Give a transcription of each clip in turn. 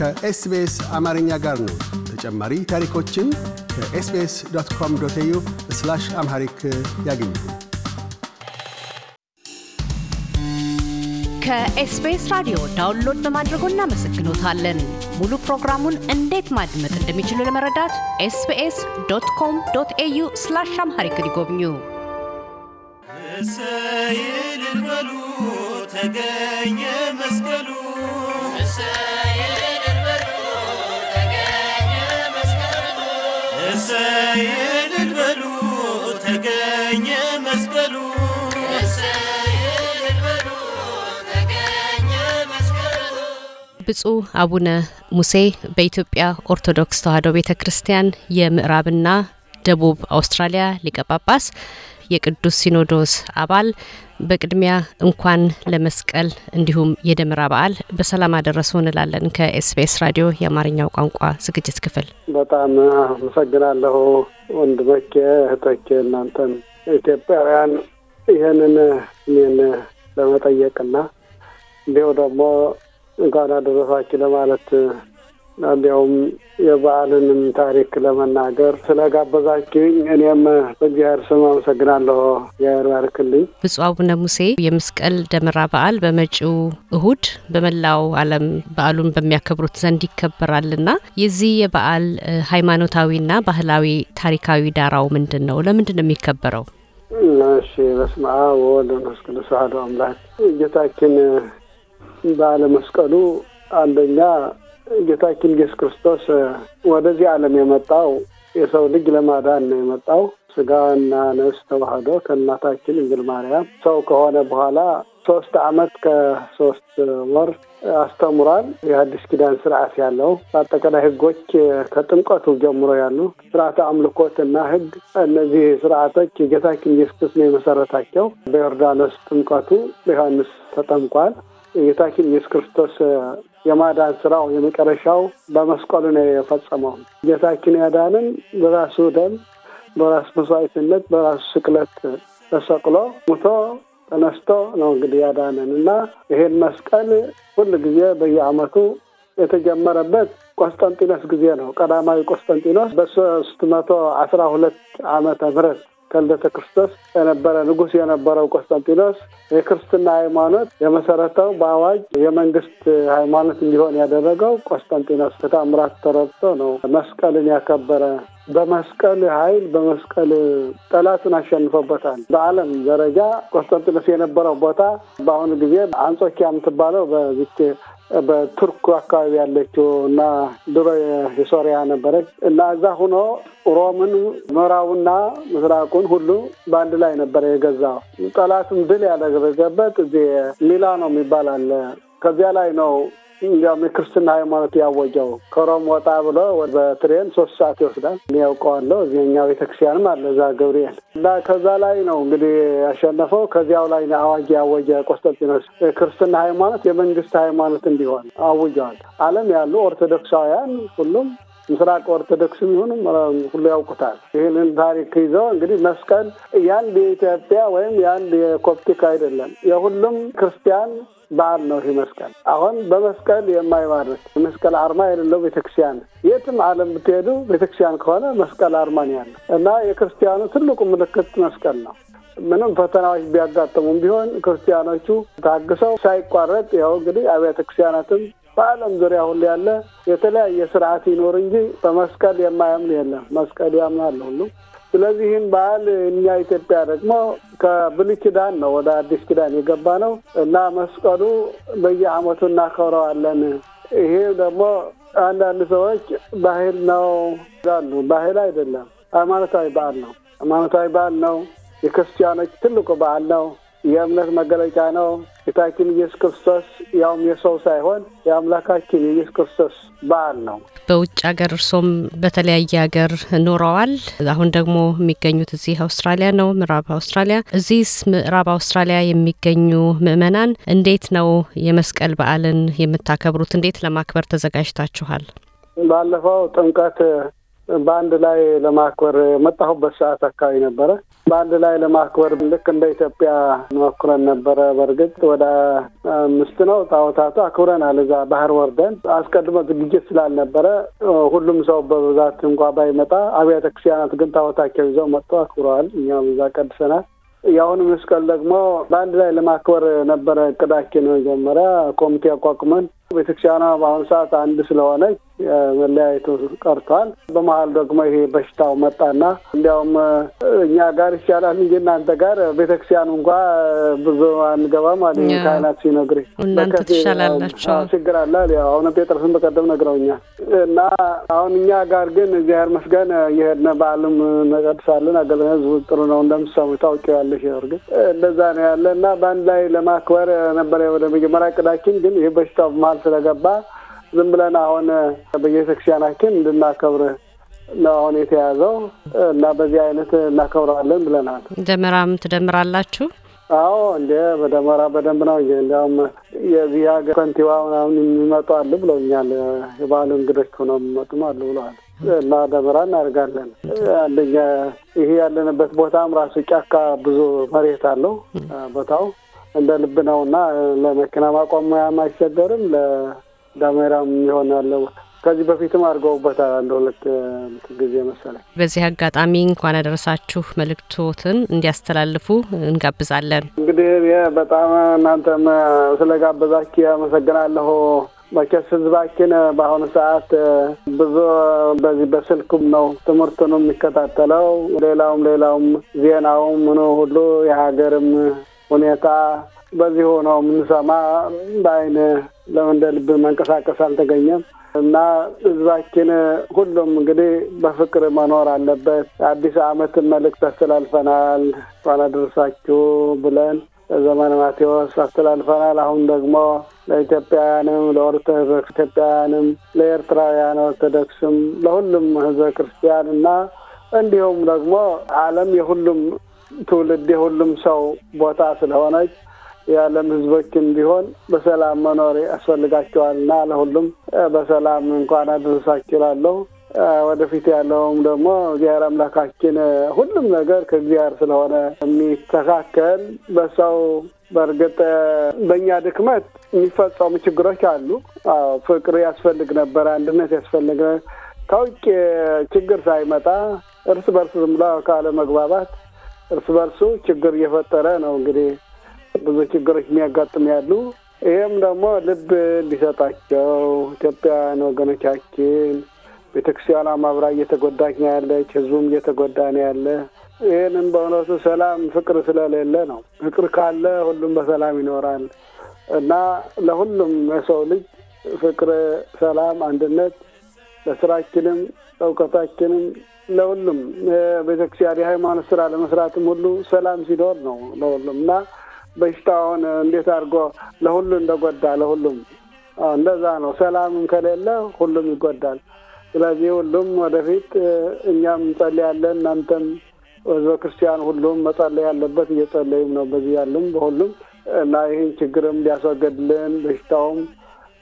ከኤስቢኤስ አማርኛ ጋር ነው። ተጨማሪ ታሪኮችን ከኤስቢኤስ ዶት ኮም ዶት ዩ ስላሽ አምሃሪክ ያገኙ። ከኤስቢኤስ ራዲዮ ዳውንሎድ በማድረጎ እናመሰግኖታለን። ሙሉ ፕሮግራሙን እንዴት ማድመጥ እንደሚችሉ ለመረዳት ኤስቢኤስ ዶት ኮም ዶት ኤዩ ስላሽ አምሃሪክ ይጎብኙ። እሰይ ልበሉ ተገኘ መስቀሉ እልል ብፁዕ አቡነ ሙሴ በኢትዮጵያ ኦርቶዶክስ ተዋሕዶ ቤተ ክርስቲያን የምዕራብና ደቡብ አውስትራሊያ ሊቀ ጳጳስ የቅዱስ ሲኖዶስ አባል በቅድሚያ እንኳን ለመስቀል እንዲሁም የደመራ በዓል በሰላም አደረሱ እንላለን። ከኤስቢኤስ ራዲዮ የአማርኛው ቋንቋ ዝግጅት ክፍል በጣም አመሰግናለሁ። ወንድሞቼ፣ እህቶቼ እናንተን ኢትዮጵያውያን ይህንን እኔን ለመጠየቅና እንዲሁ ደግሞ እንኳን አደረሳችሁ ለማለት እንዲያውም የበዓልንም ታሪክ ለመናገር ስለጋበዛችሁኝ እኔም በእግዚአብሔር ስም አመሰግናለሁ። እግዚአብሔር ባርክልኝ። ብፁዕ አቡነ ሙሴ የመስቀል ደመራ በዓል በመጪው እሁድ በመላው ዓለም በዓሉን በሚያከብሩት ዘንድ ይከበራልና የዚህ የበዓል ሃይማኖታዊና ባህላዊ ታሪካዊ ዳራው ምንድን ነው? ለምንድን ነው የሚከበረው? እሺ በስመ አብ ወወልድ ወመንፈስ ቅዱስ አሐዱ አምላክ ጌታችን በዓለ መስቀሉ አንደኛ ጌታችን ኢየሱስ ክርስቶስ ወደዚህ ዓለም የመጣው የሰው ልጅ ለማዳን ነው የመጣው። ስጋና ነፍስ ተዋህዶ ከእናታችን እንግል ማርያም ሰው ከሆነ በኋላ ሶስት ዓመት ከሶስት ወር አስተምሯል። የአዲስ ኪዳን ስርዓት ያለው በአጠቃላይ ህጎች ከጥምቀቱ ጀምሮ ያሉ ስርዓተ አምልኮት እና ህግ፣ እነዚህ ስርዓቶች የጌታችን ኢየሱስ ክርስቶስ የመሰረታቸው። በዮርዳኖስ ጥምቀቱ በዮሐንስ ተጠምቋል። ጌታችን ኢየሱስ ክርስቶስ የማዳን ስራው የመጨረሻው በመስቀሉ ነው የፈጸመው። ጌታችን ያዳንን በራሱ ደም፣ በራሱ መስዋዕትነት፣ በራሱ ስቅለት ተሰቅሎ ሙቶ ተነስቶ ነው እንግዲህ ያዳንን እና ይሄን መስቀል ሁል ጊዜ በየአመቱ የተጀመረበት ቆስጠንጢኖስ ጊዜ ነው። ቀዳማዊ ቆስጠንጢኖስ በሶስት መቶ አስራ ሁለት አመተ ምህረት ከልደተ ክርስቶስ የነበረ ንጉስ የነበረው ቆስጠንጢኖስ የክርስትና ሃይማኖት የመሰረተው በአዋጅ የመንግስት ሃይማኖት እንዲሆን ያደረገው ቆስጠንጢኖስ ከታምራት ተረድቶ ነው። መስቀልን ያከበረ በመስቀል ኃይል በመስቀል ጠላትን አሸንፎበታል። በዓለም ደረጃ ቆስጠንጢኖስ የነበረው ቦታ በአሁኑ ጊዜ አንጾኪያ የምትባለው በዚህ በቱርክ አካባቢ ያለችው እና ድሮ የሶሪያ ነበረች እና እዛ ሁኖ ሮምን ምዕራቡና ምስራቁን ሁሉ በአንድ ላይ ነበረ የገዛው። ጠላትም ድል ያደረገበት እዚህ ሚላኖ የሚባል አለ። ከዚያ ላይ ነው እንዲያውም የክርስትና ሃይማኖት ያወጀው ከሮም ወጣ ብሎ በትሬን ሶስት ሰዓት ይወስዳል። እኔ ያውቀዋለሁ። እዚህኛ ቤተክርስቲያንም አለ እዛ ገብርኤል እና ከዛ ላይ ነው እንግዲህ ያሸነፈው። ከዚያው ላይ አዋጅ ያወጀ ቆስጠንጢኖስ የክርስትና ሃይማኖት የመንግስት ሃይማኖት እንዲሆን አውጀዋል። ዓለም ያሉ ኦርቶዶክሳውያን ሁሉም ምስራቅ ኦርቶዶክስም ይሁንም ሁሉ ያውቁታል። ይህንን ታሪክ ይዘው እንግዲህ መስቀል የአንድ የኢትዮጵያ ወይም የአንድ የኮፕቲክ አይደለም የሁሉም ክርስቲያን በዓል ነው። ይህ መስቀል አሁን በመስቀል የማይባርክ የመስቀል አርማ የሌለው ቤተክርስቲያን የትም ዓለም ብትሄዱ ቤተክርስቲያን ከሆነ መስቀል ነው ያለው እና የክርስቲያኑ ትልቁ ምልክት መስቀል ነው። ምንም ፈተናዎች ቢያጋጥሙም ቢሆን ክርስቲያኖቹ ታግሰው ሳይቋረጥ ያው እንግዲህ አብያተ ክርስቲያናትም በዓለም ዙሪያ ሁሉ ያለ የተለያየ ስርዓት ይኖር እንጂ በመስቀል የማያምን የለም። መስቀል ያምናል ሁሉ ስለዚህ ይህን በዓል እኛ ኢትዮጵያ ደግሞ ከብሉይ ኪዳን ነው ወደ አዲስ ኪዳን የገባ ነው እና መስቀሉ በየዓመቱ እናከብረዋለን። ይሄ ደግሞ አንዳንድ ሰዎች ባህል ነው ይላሉ። ባህል አይደለም፣ ሃይማኖታዊ በዓል ነው። ሃይማኖታዊ በዓል ነው። የክርስቲያኖች ትልቁ በዓል ነው። የእምነት መገለጫ ነው። ጌታችን ኢየሱስ ክርስቶስ ያውም የሰው ሳይሆን የአምላካችን የኢየሱስ ክርስቶስ በዓል ነው። በውጭ ሀገር እርሶም በተለያየ ሀገር ኖረዋል። አሁን ደግሞ የሚገኙት እዚህ አውስትራሊያ ነው፣ ምዕራብ አውስትራሊያ። እዚህስ ምዕራብ አውስትራሊያ የሚገኙ ምዕመናን እንዴት ነው የመስቀል በዓልን የምታከብሩት? እንዴት ለማክበር ተዘጋጅታችኋል? ባለፈው ጥምቀት በአንድ ላይ ለማክበር የመጣሁበት ሰዓት አካባቢ ነበረ። በአንድ ላይ ለማክበር ልክ እንደ ኢትዮጵያ እንሞክረን ነበረ። በእርግጥ ወደ አምስት ነው ጣዖታቱ አክብረናል። እዛ ባህር ወርደን አስቀድሞ ዝግጅት ስላልነበረ ሁሉም ሰው በብዛት እንኳ ባይመጣ፣ አብያተ ክርስቲያናት ግን ጣወታቸው ይዘው መጥቶ አክብረዋል። እኛም እዛ ቀድሰናል። የአሁኑ መስቀል ደግሞ በአንድ ላይ ለማክበር ነበረ እቅዳችን። መጀመሪያ ኮሚቴ አቋቁመን ቤተክርስቲያኗ በአሁኑ ሰዓት አንድ ስለሆነች መለያየቱ ቀርቷል። በመሀል ደግሞ ይሄ በሽታው መጣና እንዲያውም እኛ ጋር ይቻላል እንጂ እናንተ ጋር ቤተክርስቲያኑ እንኳ ብዙ አንገባም አለ ካህናት ሲነግር፣ እናንተ ትሻላላቸው ችግር አላል። አሁን ጴጥሮስን በቀደም ነግረውኛል። እና አሁን እኛ ጋር ግን እግዚአብሔር ይመስገን እየሄድን በዓልም እንቀድሳለን። አገለ ህዝቡ ጥሩ ነው እንደምትሰሙ ታውቂዋለሽ። እርግጥ እንደዛ ነው ያለ እና በአንድ ላይ ለማክበር ነበረ ወደ መጀመሪያ እቅዳችን ግን ይህ በሽታው መሀል ስለገባ ዝም ብለን አሁን በየቤተክርስቲያናችን እንድናከብር ነው አሁን የተያዘው እና በዚህ አይነት እናከብረዋለን ብለናል። ደመራም ትደምራላችሁ? አዎ እንደ በደመራ በደንብ ነው እ እንዲያውም የዚህ ሀገር ከንቲባ ምናምን የሚመጡ አሉ ብለውኛል። የባህሉ እንግዶች ሆነው የሚመጡም አሉ ብለዋል። እና ደመራ እናደርጋለን። አንደኛ ይሄ ያለንበት ቦታም ራሱ ጫካ ብዙ መሬት አለው ቦታው እንደ ልብ ነው እና ለመኪና ማቆሚያም አይቸገርም። ዳሜራም ይሆናለው ከዚህ በፊትም አድርገውበታል አንድ ሁለት ጊዜ መሰለኝ። በዚህ አጋጣሚ እንኳን ያደረሳችሁ መልእክቶትን እንዲያስተላልፉ እንጋብዛለን። እንግዲህ በጣም እናንተም ስለጋበዛች አመሰግናለሁ። መቼስ ህዝባችን በአሁኑ ሰዓት ብዙ በዚህ በስልኩም ነው ትምህርቱን የሚከታተለው ሌላውም ሌላውም ዜናውም ምኑ ሁሉ የሀገርም ሁኔታ በዚህ ሆነው የምንሰማ በአይን ለምን እንደ ልብ መንቀሳቀስ አልተገኘም እና ህዝባችን ሁሉም እንግዲህ በፍቅር መኖር አለበት። አዲስ አመት መልእክት አስተላልፈናል። እንኳን አደረሳችሁ ብለን ለዘመነ ማቴዎስ አስተላልፈናል። አሁን ደግሞ ለኢትዮጵያውያንም ለኦርቶዶክስ ኢትዮጵያውያንም ለኤርትራውያን ኦርቶዶክስም ለሁሉም ህዝበ ክርስቲያን እና እንዲሁም ደግሞ ዓለም የሁሉም ትውልድ የሁሉም ሰው ቦታ ስለሆነች የዓለም ህዝቦችን ቢሆን በሰላም መኖር ያስፈልጋቸዋልና ለሁሉም በሰላም እንኳን አደረሳችሁ እላለሁ። ወደፊት ያለውም ደግሞ እግዚአብሔር አምላካችን ሁሉም ነገር ከእግዚአብሔር ስለሆነ የሚስተካከል በሰው በእርግጥ በእኛ ድክመት የሚፈጸሙ ችግሮች አሉ። ፍቅር ያስፈልግ ነበር፣ አንድነት ያስፈልግ ከውጭ ችግር ሳይመጣ እርስ በርስ ዝም ብሎ ካለ መግባባት እርስ በርሱ ችግር እየፈጠረ ነው እንግዲህ ብዙ ችግሮች የሚያጋጥም ያሉ ይህም ደግሞ ልብ እንዲሰጣቸው ኢትዮጵያውያን ወገኖቻችን ቤተክርስቲያን አማብራ እየተጎዳች ነው ያለች፣ ህዝቡም እየተጎዳ ነው ያለ። ይህንን በእውነቱ ሰላም ፍቅር ስለሌለ ነው። ፍቅር ካለ ሁሉም በሰላም ይኖራል እና ለሁሉም የሰው ልጅ ፍቅር፣ ሰላም፣ አንድነት ለስራችንም ለእውቀታችንም ለሁሉም ቤተክርስቲያን የሃይማኖት ስራ ለመስራትም ሁሉ ሰላም ሲኖር ነው ለሁሉም እና በሽታውን እንዴት አድርጎ ለሁሉ እንደጎዳ ለሁሉም እንደዛ ነው። ሰላምም ከሌለ ሁሉም ይጎዳል። ስለዚህ ሁሉም ወደፊት እኛም እንጸልያለን፣ እናንተም ህዝበ ክርስቲያን ሁሉም መጸለይ ያለበት እየጸለዩም ነው። በዚህ ያሉም በሁሉም እና ይህን ችግርም ሊያስወገድልን በሽታውም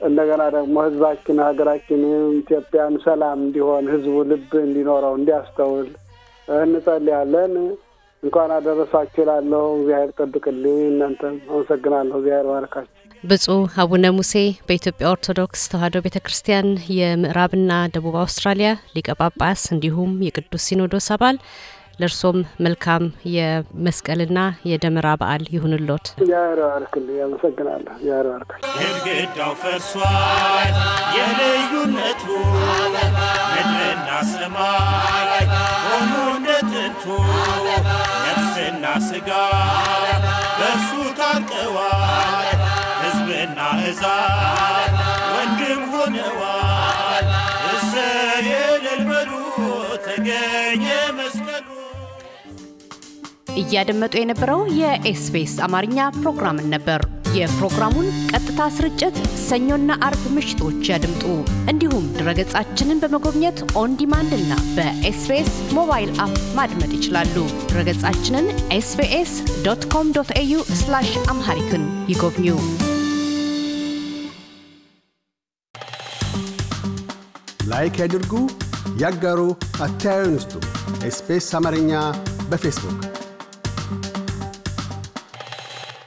እንደገና ደግሞ ህዝባችን ሀገራችንም ኢትዮጵያን ሰላም እንዲሆን ህዝቡ ልብ እንዲኖረው እንዲያስተውል እንጸልያለን። እንኳን አደረሳችሁ እላለሁ። እግዚአብሔር ጠብቅልኝ። እናንተም አመሰግናለሁ። እግዚአብሔር ባረካችሁ። ብፁዕ አቡነ ሙሴ በኢትዮጵያ ኦርቶዶክስ ተዋሕዶ ቤተ ክርስቲያን የምዕራብና ደቡብ አውስትራሊያ ሊቀ ጳጳስ እንዲሁም የቅዱስ ሲኖዶስ አባል ለእርሶም መልካም የመስቀልና የደመራ በዓል ይሁንሎት። ያሮ ግድግዳው ፈርሷል። የልዩነቱ ምድርና ሰማይ ሆኑ እንደ ጥንቱ ደምና ስጋ በሱ ታርቀዋል። ሕዝብና ሕዛብ ወንድም ሆነዋል። እሰየ እልል ተገኘ መስቀሉ። እያደመጡ የነበረው የኤስቢኤስ አማርኛ ፕሮግራምን ነበር። የፕሮግራሙን ቀጥታ ስርጭት ሰኞና አርብ ምሽቶች ያድምጡ። እንዲሁም ድረገጻችንን በመጎብኘት ኦን ዲማንድ እና በኤስቤስ ሞባይል አፕ ማድመጥ ይችላሉ። ድረገጻችንን ኤስቤስ ዶት ኮም ዶት ኤዩ አምሃሪክን ይጎብኙ። ላይክ ያድርጉ፣ ያጋሩ፣ አስተያየትዎን ይስጡ። ኤስቤስ አማርኛ በፌስቡክ